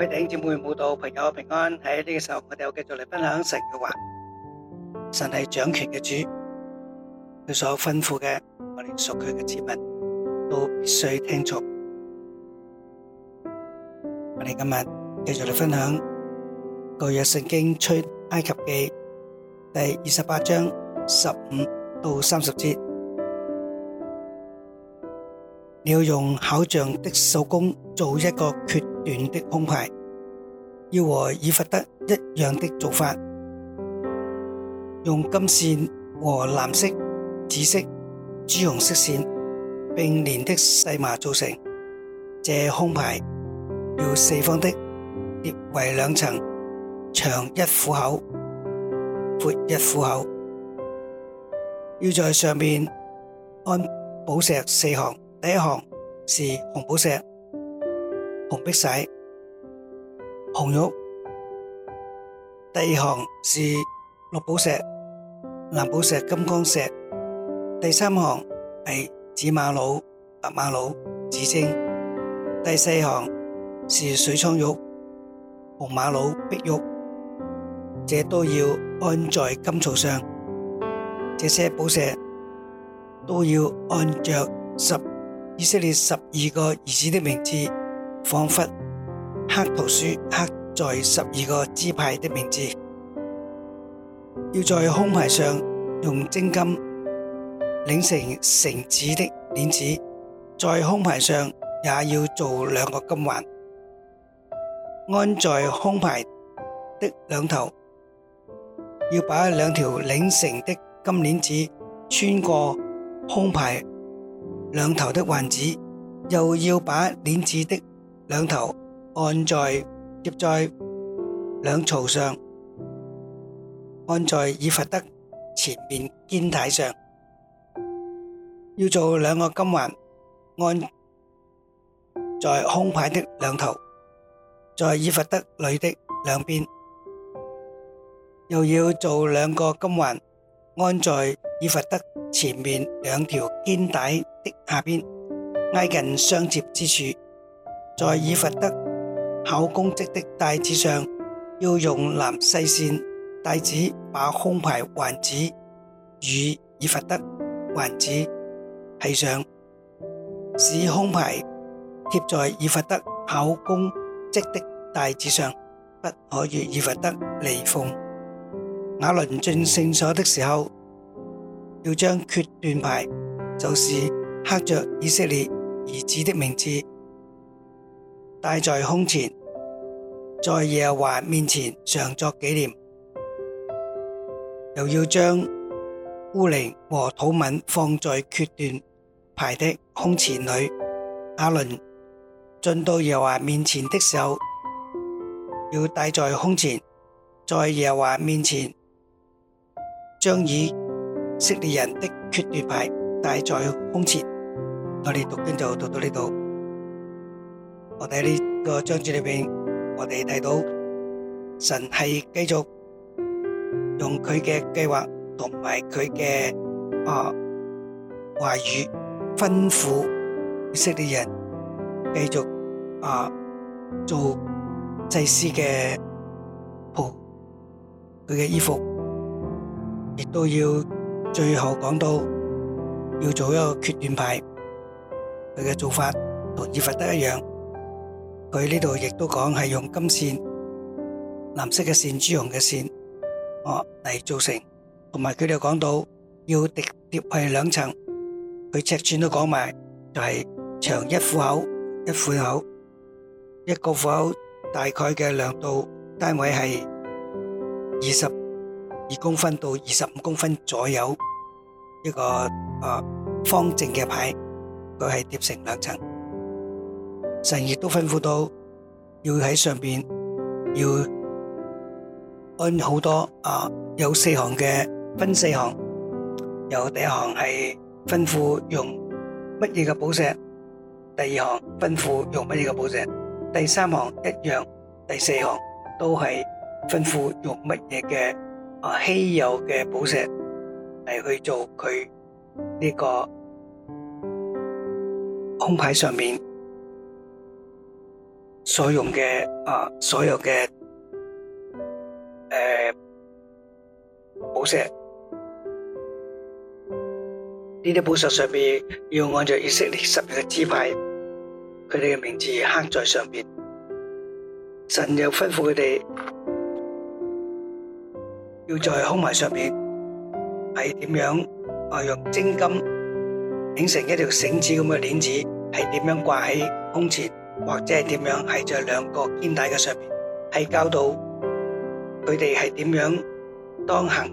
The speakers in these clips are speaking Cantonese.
各位弟兄姊妹、信徒朋友平安。喺呢個時候，我哋又繼續嚟分享神嘅話。神係掌權嘅主，佢所吩咐嘅，我哋屬佢嘅子民都必須聽從。我哋今日繼續嚟分享舊約聖經出埃及記第二十八章十五到三十節。你要用巧匠的手工做一個決斷的胸牌。要和以弗得一樣的做法，用金線和藍色、紫色、朱紅色線並連的細麻做成。這胸牌要四方的，疊為兩層，長一虎口，闊一虎口。要在上面安寶石四行，第一行是紅寶石、紅碧璽、紅玉，第二行是綠寶石、藍寶石、金剛石，第三行係紫瑪瑙、白瑪瑙、紫晶，第四行是水蒼玉、紅瑪瑙、碧玉，這都要按在金槽上。這些寶石都要按着十以色列十二個兒子的名字，仿佛。刻圖書刻在十二個支派的名字，要在胸牌上用精金擰成繩子的鏈子，在胸牌上也要做兩個金環，安在胸牌的兩頭，要把兩條擰成的金鏈子穿過胸牌兩頭的環子，又要把鏈子的兩頭。按在接在兩槽上，按在以弗得前面肩帶上，要做兩個金環，按在胸牌的兩頭，在以弗得裏的兩邊，又要做兩個金環，按在以弗得前面兩條肩帶的下邊，挨近相接之處，在以弗得。考公績的帶子上要用藍細線帶子把胸牌環子與以弗得環子係上，使胸牌貼在以弗得考公績的帶子上，不可與以弗得離縫。亞倫進聖所的時候，要將決斷牌，就是刻着以色列兒子的名字。戴在胸前，在耶和華面前常作紀念。又要將烏陵和土明放在決斷牌的胸前裏。亞倫進到耶和華面前的時候，要戴在胸前，在耶和華面前將以色列人的決斷牌戴在胸前。我哋讀經就讀到呢度。我哋喺呢個章節裏面，我哋睇到神係繼續用佢嘅計劃同埋佢嘅啊話語吩咐以色列人繼續啊做祭司嘅袍，佢嘅衣服，亦都要最後講到要做一個決斷牌，佢嘅做法同以弗得一樣。佢呢度亦都講係用金線、藍色嘅線、朱紅嘅線，哦嚟做成。同埋佢哋講到要疊疊係兩層，佢尺寸都講埋，就係長一虎口、一虎口，一個虎口大概嘅量度單位係二十二公分到二十五公分左右一個啊方正嘅牌，佢係疊成兩層。神亦都吩咐到，要喺上邊要按好多啊，有四行嘅，分四行，有第一行係吩咐用乜嘢嘅寶石，第二行吩咐用乜嘢嘅寶石，第三行一樣，第四行都係吩咐用乜嘢嘅啊稀有嘅寶石嚟去做佢呢個胸牌上面。所用嘅啊，所用嘅誒寶石，呢啲寶石上邊要按照以色列十人嘅支派，佢哋嘅名字刻在上邊。神又吩咐佢哋要在胸懷上邊係點樣啊？用精金整成一條繩子咁嘅鏈子，係點樣掛喺胸前？或者係點樣，喺在兩個肩帶嘅上面，係教導佢哋係點樣當行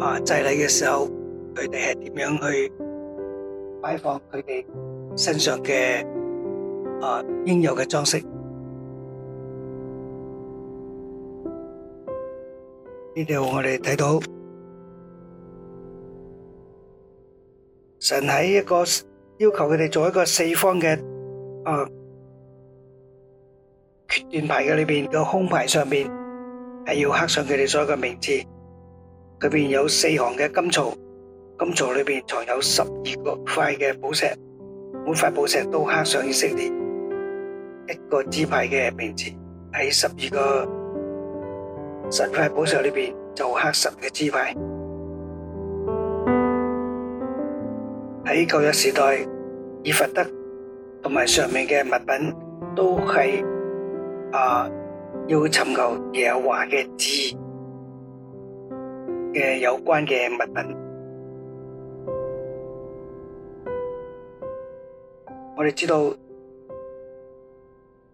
啊祭禮嘅時候，佢哋係點樣去擺放佢哋身上嘅啊應有嘅裝飾。呢度我哋睇到神喺一個要求佢哋做一個四方嘅啊。盾牌嘅裏邊個胸牌上邊係要刻上佢哋所有嘅名字，裏邊有四行嘅金槽，金槽裏邊藏有十二個塊嘅寶石，每塊寶石都刻上以色列一個支派嘅名字，喺十二個十塊寶石裏邊就刻十個支派。喺舊約時代，以弗得同埋上面嘅物品都係。啊，要尋求耶和華嘅字嘅有關嘅物品，我哋知道，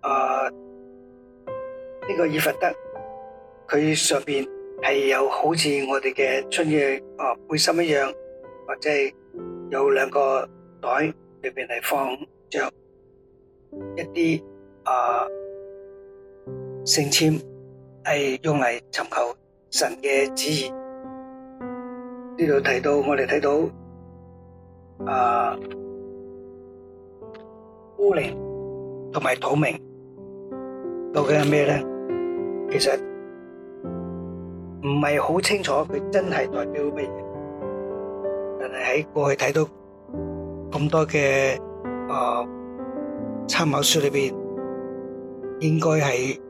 啊呢、這個爾弗德佢上邊係有好似我哋嘅春嘅，哦、啊、背心一樣，或者係有兩個袋裏邊係放着一啲啊。聖籤係用嚟尋求神嘅旨意。呢度提到我哋睇到，啊烏靈同埋土明，到底係咩咧？其實唔係好清楚，佢真係代表咩？但係喺過去睇到咁多嘅啊參考書裏邊，應該係。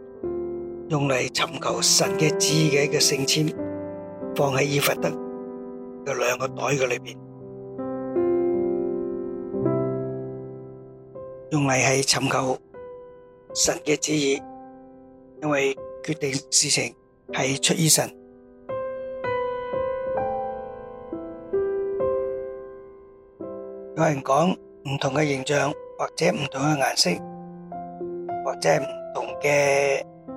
用嚟尋求神嘅旨意嘅一個聖籤，放喺以弗得嘅兩個袋嘅裏面，用嚟係尋求神嘅旨意，因為決定事情係出於神。有人講唔同嘅形象，或者唔同嘅顏色，或者唔同嘅。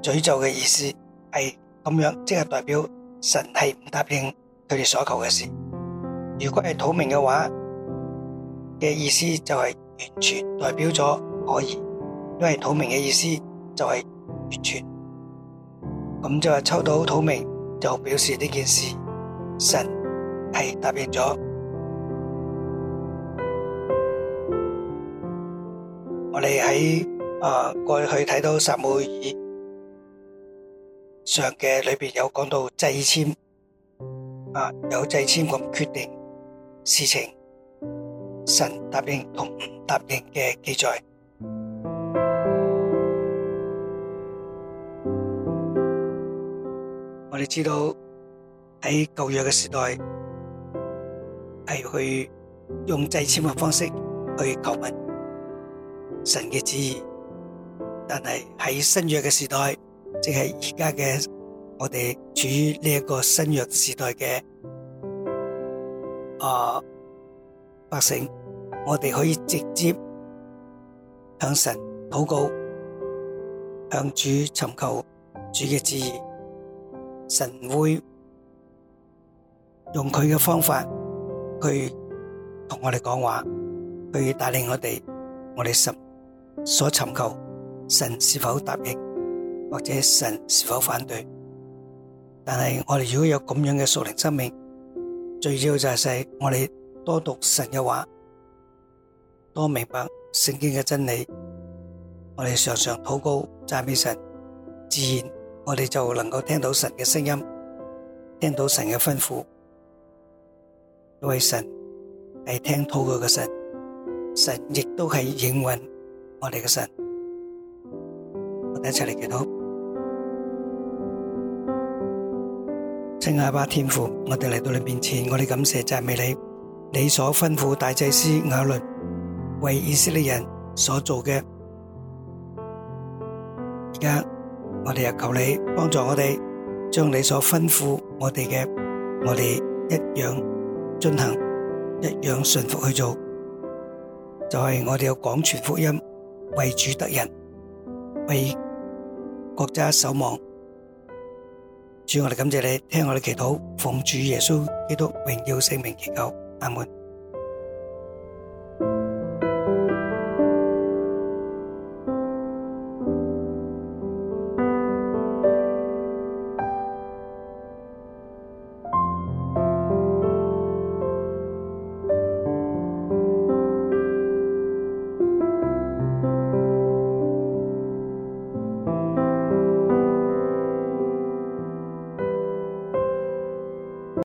誒，詛咒嘅意思係咁樣，即係代表神係唔答應佢哋所求嘅事。如果係土明嘅話，嘅意思就係完全代表咗可以，因為土明嘅意思就係完全。咁就係抽到土明就表示呢件事神係答應咗。我哋喺誒過去睇到撒母耳，上嘅裏邊有講到祭籤，啊，有祭籤同決定事情，神答應同唔答應嘅記載。我哋知道喺舊約嘅時代係去用祭籤嘅方式去求問神嘅旨意，但係喺新約嘅時代。即係而家嘅我哋處於呢一個新約時代嘅啊百姓，我哋可以直接向神禱告，向主尋求主嘅旨意，神會用佢嘅方法去同我哋講話，去帶領我哋，我哋神所尋求，神是否答應？或者神是否反對？但係我哋如果有咁樣嘅屬靈生命，最主要就係我哋多讀神嘅話，多明白聖經嘅真理，我哋常常禱告，讚美神，自然我哋就能夠聽到神嘅聲音，聽到神嘅吩咐。因為神係聽禱告嘅神，神亦都係應允我哋嘅神。一齊嚟祈禱，稱亞巴天父，我哋嚟到你面前，我哋感謝讚美你，你所吩咐大祭司亞倫為以色列人所做嘅。而家我哋又求你幫助我哋，將你所吩咐我哋嘅，我哋一樣進行，一樣順服去做，就係我哋要廣傳福音為主得人為。國家守望，主，我哋感謝你聽我哋祈禱，奉主耶穌基督榮耀聖名，祈求，阿門。